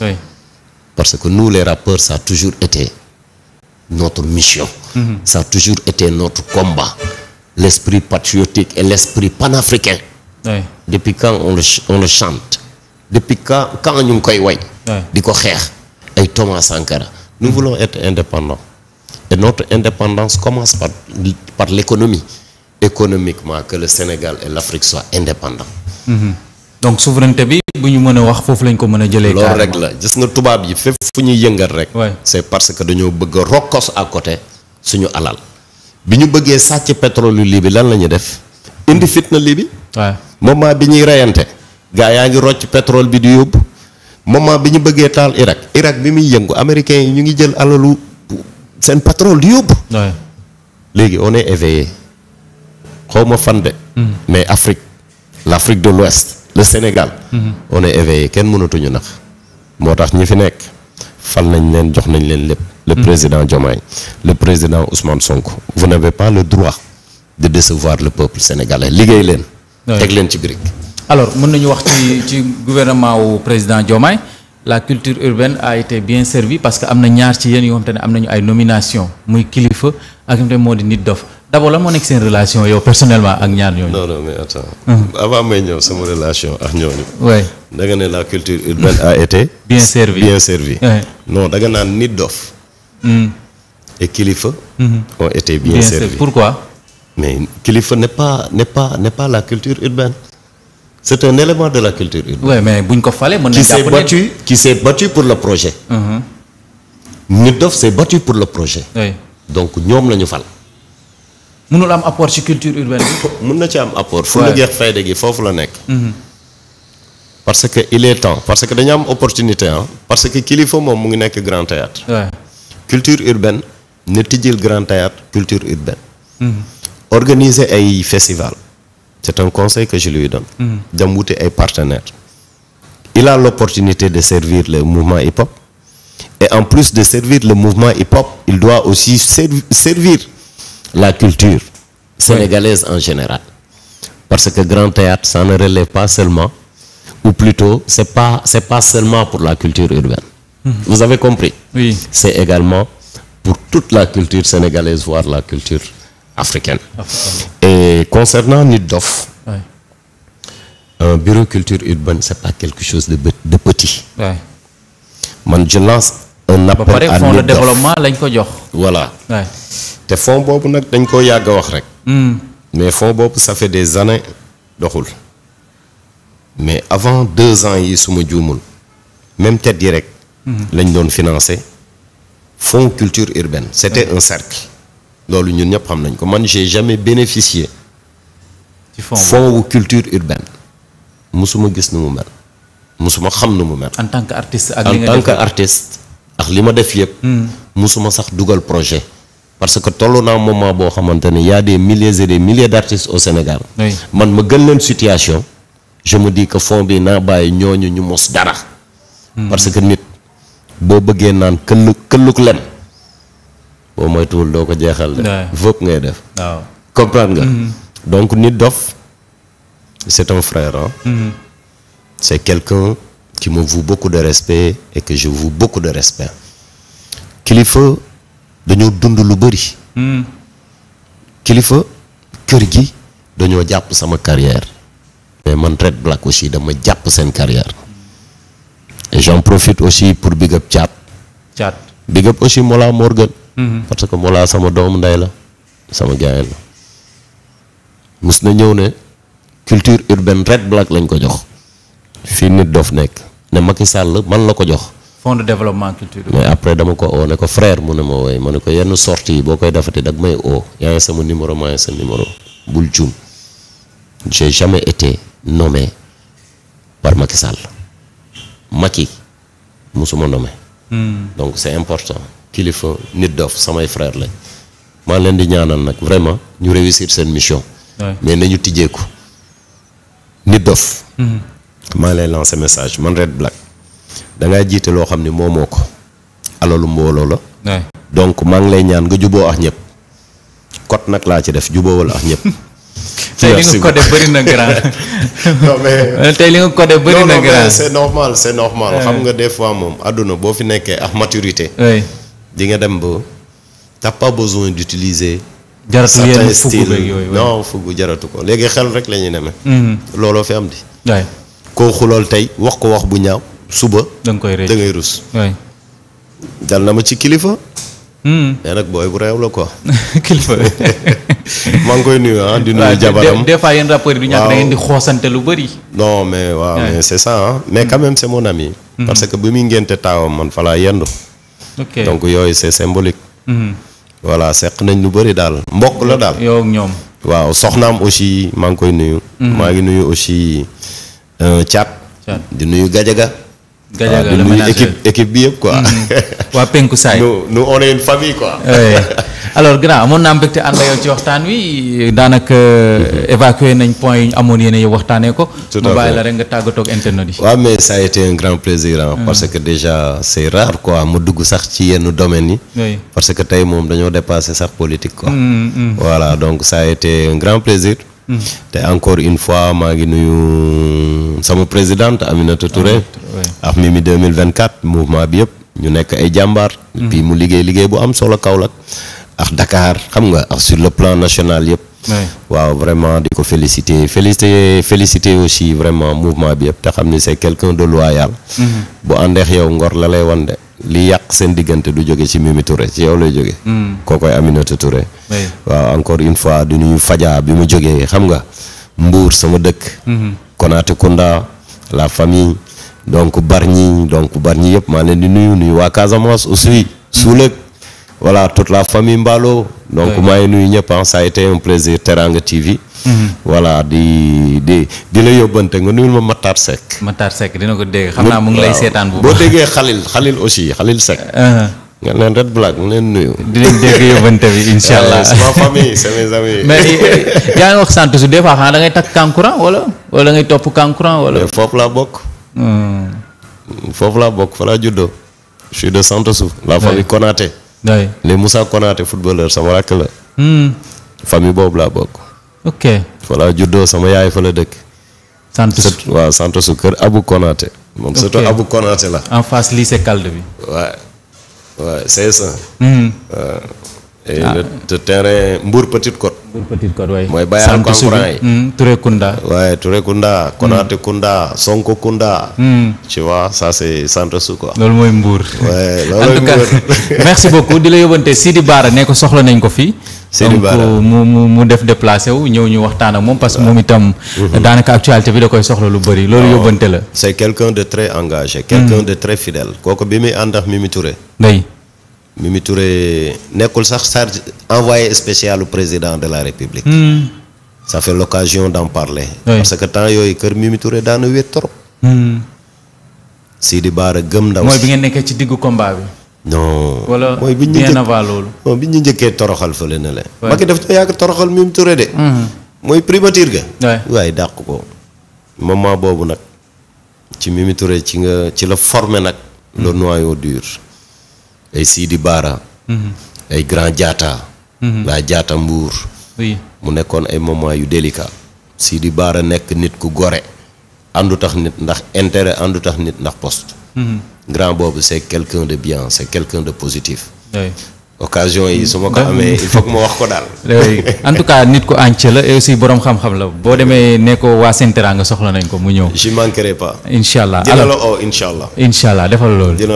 Oui. Parce que nous, les rappeurs, ça toujours été notre mission. Mm Ça toujours été notre combat. L'esprit patriotique et l'esprit panafricain. Oui. Depuis quand on le, on chante Depuis quand, ñu ngi koy way Diko xex ay Thomas Sankara. Nous mhm. voulons être indépendants. Et notre indépendance commence par, par l'économie. Économiquement, que le Sénégal et l'Afrique soient indépendants. Mm donc souveraineté bi bu ñu mën a wax foofu lañ ko mën a jëlee. loolu rek la gis nga tubaab yi fépp fu ñuy yëngal rek. c'est parce que dañoo bëgg a rokkos à côté suñu alal bi ñu bëggee sàcc pétrole yu lii bi lan la ñuy def indi fitna lii bi. moment bi ñuy reyante gaa yaa ngi rocc pétrole bi di yóbbu moment bi ñu bëggee taal Irak Irak bi muy yëngu américains yi ñu ngi jël alalu seen pétrole di yóbbu. léegi on est xaw ma fan de. Hmm. mais Afrique l'Afrique de l'Ouest le Sénégal. Mm-hmm. on est éveillé kenn mënatuñu nax moo tax ñi fi nekk fal nañ leen jox nañ leen lépp. le mm-hmm. président Diomaye le président Ousmane Sonko vous n'avez pas le droit de décevoir le peuple sénégalais liggéey leen. teg leen ci brique. alors mën nañu wax ci ci gouvernement wu président Diomaye la culture urbaine a été bien servie parce que am na ñaar ci yéen yoo te ne am nañu ay nomination muy kilifa ak moo di nit dof d'abord la moo nekk seen relation yow personnellement ak ñaar ñooñu. non non mais attends. avant may ñëw sama relation ak ñooñu. oui da ne la culture urbaine a été. bien servie bien servie. non da naan nit dof. et kilifa. ont été bien servis pourquoi. mais kilifa n'est pas la culture urbaine. c'est un élément de la culture urbaine. oui mais buñ ko falee mën nañ. qui s'est battu qui s'est battu pour le projet. nit dof s'est battu pour le projet. donc ñoom la fal. mënul am apport ci culture urbaine bi. mën na ci am apport. fu mu jeex fayda gi foofu la nekk. Mm-hmm. parce que il est temps parce que dañu am opportunité ah. parce que kilifa moom mu ngi nekk grand théâtre culture urbaine ne tijjil grand théâtre culture urbaine. Mm-hmm. organiser ay festival c'est un conseil que je lui donne. Mm-hmm. dem wuti ay partenaires. il a l'opportunité de servir le mouvement hip-hop et en plus de servir le mouvement hip-hop il doit aussi servir la culture sénégalaise en général parce que grand théâtre ça ne relève pas seulement ou plutôt c'est pas seulement pour la culture urbaine mmh. vous avez compris c'est également pour toute la culture sénégalaise voire la culture africaine Afrique. et concernant Nit Dof bureau culture urbaine c'est pas quelque chose de, de petit man je un appel à Nit Dof ba pare fonds lañ ko jox voilà te fonds boobu nag dañ ko yàgg wax rek Mm. mais fonds boobu ça fait des années doxul mais avant deux ans yi suma juumul même TED yi rek lañ doon financer fonds culture urbaine c'était un cercle loolu ñun ñëpp xam nañ ko man j'ai jamais bénéficié ci fonds wu culture urbaine musuma gis nu mu mel musuma xam nu mu mel en tant que artiste ak li ma def yëpp mosuma mm. sax dugal projet parce que toll naa moment boo xamante ne y a des milliers et des milliers d'artistes au Sénégal. man ma gën leen situation. je me dis que fond bi naa bàyyi ñooñu ñu mos dara. Hmm. parce que nit boo bëggee naan këll këlluk lem. boo moytuwul doo ko jeexal de. foofu ngay def. waaw comprendre nga. Hmm. donc Nit Doff c'est un frère ah. c'est quelqu'un qui me voue bokk de respect et que je voue beaucoup de respect kilifa. dañoo dund lu bëri. Hmm. kilifa kër gi dañoo jàpp sama carrière. mais man Red Black aussi dama jàpp seen carrière. et j'en aussi pour big up Thiat. Thiat big up aussi Mola Morgan. Hmm. parce que Mola sama doomu nday la sama gaay la. mus na ñëw ne culture urbaine Red Black lañ ko jox. fii nit dof nekk ne Macky Sall man la ko jox. fonds de développement culturel. mais après dama ko oo ne ko frère mu ne ma wooye ma ne ko yenn sorties yi boo koy defati dag may oo yaa sama numéro maa ngi sa numéro bul juum j'ai jamais été nommé par Macky Sall Macky musuma nommé. Hmm. donc c'est important kilifa nit dof samay frère lañ maa leen di ñaanal nag vraiment ñu réussir seen mission. mais nañu tijjeeku nit dof. Hmm. maa lay lancer message man Red Black. da ngaa jiite loo xam ne moomoo ko alalu mbooloo la. donc maa lay ñaan nga juboo ak ñëpp. kot nag laa ci def juboowal ak ñëpp. Euh, tey li nga codé bëri na grand. non mais tey li nga codé bëri na grand c'est normal c'est normal. xam nga des fois moom àdduna boo fi nekkee ak maturité. di nga dem ba t'as pas besoin d'utiliser. jaratu yenn fukk beeg jaratu ko léegi xel rek lañuy ñuy demee. Mm-hmm. looloo fi am di. koo xulool tey wax ko wax bu ñaaw. suba. da nga koy dal na ma ci kilifa. Hmm. mais nag booy maa ngi koy nuyu ah di nuyu ah, jabaram yenn rapport du ñàkk da di xoosante lu bëri. non mais waaw mais mais quand hmm. même c' hmm. parce que bi muy ngénte taawam man fa laa yendu. donc yooyu c' symbolique. voilà seq nañ lu bari daal. mbokk la daal yow ñoom. waaw soxnaam aussi maa ngi koy nuyu. maa ngi nuyu aussi euh, Thiat. di nuyu Gajaga. Gadiaga ah, le ménageur bi yëpp quoi. Mm. waa penku saay nous nous on une famille quoi. alors grand amoon naa mbégte ànd yow ci waxtaan wi daanaka mm-hmm. évacué nañ point yi ñu amoon yéen a waxtaanee ko. tout rek nga tàggatoo ak internet yi. waaw mais ça a été un grand plaisir mm. parce que déjà c' est rare quoi dugg sax ci yenn domaines yi. parce que tey moom dañoo dépassé sax politique quoi. Mm-hmm. voilà donc ça a été un grand plaisir. Mm. te encore une fois maa ngi nuyu sama présidente Aminata ak Mimi 2024 mouvement bi yëpp ñu nekk ay jàmbaar. Mm-hmm. puis mu liggéey liggéey bu am solo Kaolack. ak dakaar xam nga ak sur le plan national yëpp. waaw vraiment di ko féliciter féliciter féliciter aussi vraiment mouvement bi yëpp te xam ni c'est quelqu'un de loyal. Mm-hmm. bu àndeex yow ngor la lay wan de li yàq seen diggante du jóge ci Mimi Touré ci yow lay jóge mm. kookoy Aminata Touré. waaw encore une fois du nuyu Fadia bi mu jógee xam nga Mbour sama dëkk. Mm-hmm. Konaté Kounda la famille. donc bar Bargny donc Bargny yëpp maa leen di nuyu nuyu waa Casamance aussi Soulek voilà toute la famille Mballo donc maa ngi nuyu ñëpp ah, ça a été un plaisir Teranga TV mhm. voilà di di di la yóbbante nga nuyul ma Matar Seck Matar Seck dina ko dégg xam naa mu lay seetaan bu boo déggee Khalil Khalil aussi Khalil Seck uh-huh. nga leen red black mu leen nuyu. dinañ dégg yóbbante bi incha allah eh, c'est ma famille c'est mes amis. mais eh, eh, yaa ngi wax sant su des fois xanaa da ngay takk kankuran wala wala da topp kankuran wala. laa bokk. Hmm. foofu laa bokk fa laa juddoo. je de Santossou. la famille Konaté. les Moussa Konaté footballeur sama rakk la. Hmm. famille boobu laa bokk. ok fa laa juddoo sama yaay fa la dëkk. Santossou waaw Santossou kër abu Konaté. moom surtout Abou Konaté la. en face lycée Calde bi. waaw waaw c'est ça. Hmm. et ah. le, le terrain Mbour Petite Côte. mooy Bayal Kankuran yi mm, Touré Kunda. waay Touré Kunda. Konaté mm. Kunda Sonko Kunda. Mm. tu vois ça c'est su ko loolu mooy Mbour. loolu mooy Mbour en tout cas merci beaucoup di la yóbbante Sidi Bara ne ko soxla nañ ko fii. Sidi Bara mu mu mu def déplacé wu ñëw ñu waxtaan ak moom parce que moom itam. Mm-hmm. daanaka actualité bi da koy soxla lu bëri loolu yóbbante la. c'est quelqu'un de très engagé. quelqu'un mm. de très fidèle. kooku bi muy ànd ak Mimi Touré. ndey. mi Mimi Touré nekkul sax charge envoyé spécial président de la République. Hmm. ça fait l'occasion d'en parler. parce que temps yooyu kër Mimi Touré daana wéet hmm. si di Baara gëm ndaw mooy bi ngeen nekkee ci diggu combat bi. non wala bien avant loolu mooy bi ñu njëkkee toroxal fële na la. waaw Macky daf ñu yàgg toroxal mu Touré de. Hmm. mooy primature ga. waaye dàq ko. moment boobu nag ci Mimi Touré ci nga ci la formé nag. le noyau dur. ay Sidi Baara. Mhm. ay Grand Diatta. Mhm. la jaata Mbour. oui mu nekkoon ay moment yu délicat. Sidi Baara nekk nit ku gore. àndu tax nit ndax intérêt àndu tax nit ndax poste. Mhm. grand boobu c' est de bien c' est de positif. occasion yi su ma ko amee il faut ma wax ko daal. en tout cas nit ku ànc la et aussi borom xam-xam la boo demee nekkoo waa Sen Teranga soxla nañ ko mu ñëw. je manquerai pas. incha allah dina defal loolu.